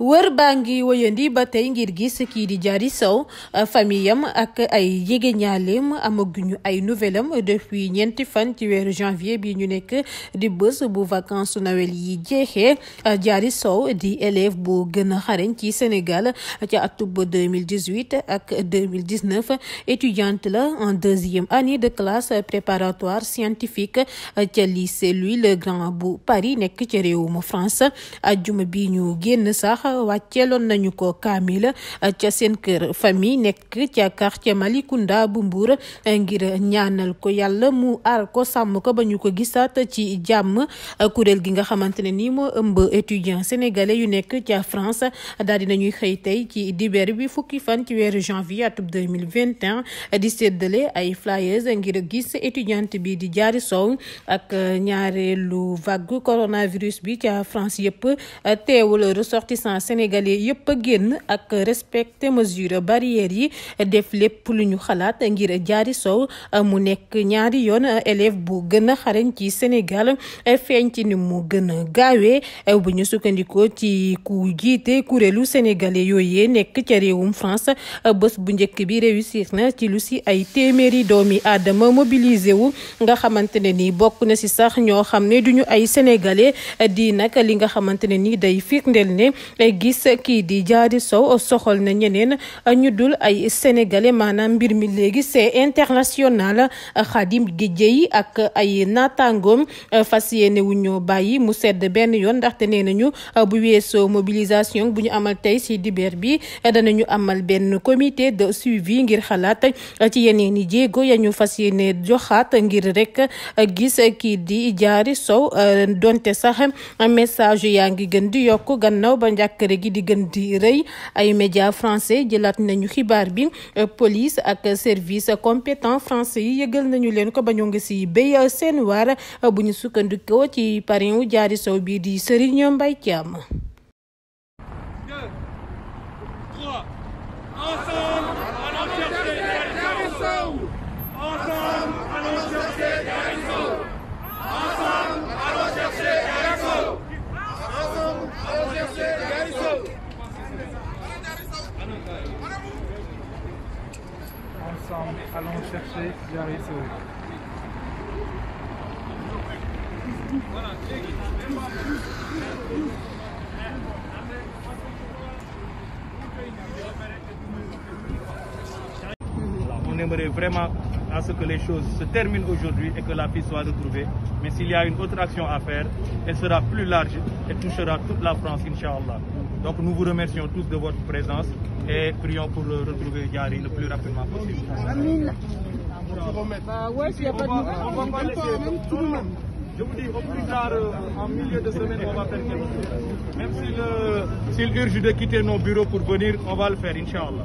wër baa ngi wëyandi ba tey ngir gis kii di Diary Sow famiyam ak ay jege ñaaleem amaguñu ay nouvellem am depuis ñeenti fan ci weeru janvier bi ñu nekk di bës bu vacances Noël yi jeexee jaari Sow di élève boo gën a xarañ ci Sénégal ci atub 2018 ak 2019 étudiante la en deuxième année de classe préparatoire scientifique ca lycée Louis le Grand bu Paris nekk ca réewum France ajjuma bi ñu génn sax wàcceeloon nañu ko kaamil ca seen kër famille nekk ca mali Malicounda bu Mbour ngir ñaanal ko yàlla mu aar ko sàmm ko ba ñu ko gisaat ci jàmm kuréel gi nga xamante ne nii moo ëmb étudiant sénégalais yu nekk ca France daal di nañuy xëy tey ci dibéer bi fukki fan ci weeru janvier atum 2021 di séddale ay flyers ngir gis étudiante bi di jaari sow ak ñaareelu vague coronavirus bi ca France yëpp teewul ressortissant sénégalais yëpp a génn ak respecté mesure barrières yi def lépp lu ñu xalaat ngir jaari sow mu nekk ñaari yoon élève boo gën a xarañ ci Sénégal feeñ ci ni mu gën a gaawee bu ñu sukkandikoo ci ku jiite kuréelu sénégalais yooyee nekk ca réewum France bés bu njëkk bi réussir na ci lu si ay téeméeri doomi aadama mobilisé wu nga xamante ne ni bokk na si sax ñoo xam ne duñu ay sénégalais di nag li nga xamante ne ni day firndeel ne gis kii di Diary Sow soxal na ñeneen ñu dul ay sénégalais maanaam mbir mi léegi c'est international gi jëy ak ay nataangoom fas yéene bàyyi mu sedd benn yoon ndaxte nee nañu bu weesoo mobilisation bu ñu amal tey ci dibeer bi danañu amal benn comité de suivi ngir xalaat ci yeneen i jéego ya ñu fas yéene joxaat ngir rek gis kii di jaari Sow donte sax message yaa ngi gën di yokk gannaaw ba njàkk njàkkare gi di gën di rëy ay médias français jëlaat nañu xibaar bi euh, police ak service compétent français yi yëgal nañu leen ko ba ñu ngi si béy seen waar euh, bu ñu sukkandikoo ci parrain wu jaari sow bii di Serigne mbay Thiam allons chercher la réussite. aimerait vraiment à ce que les choses se terminent aujourd'hui et que la fille soit retrouvée. Mais s'il y a une autre action à faire, elle sera plus large et touchera toute la France, Inch'Allah. Donc nous vous remercions tous de votre présence et prions pour le retrouver Yari le plus rapidement possible. s'il on va pas laisser urge de quitter nos bureaux pour venir, on va le faire, Inch'Allah.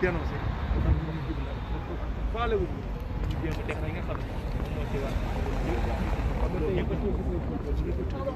dénoncé faale wu ñu jéem a def nga xam ne moo ci war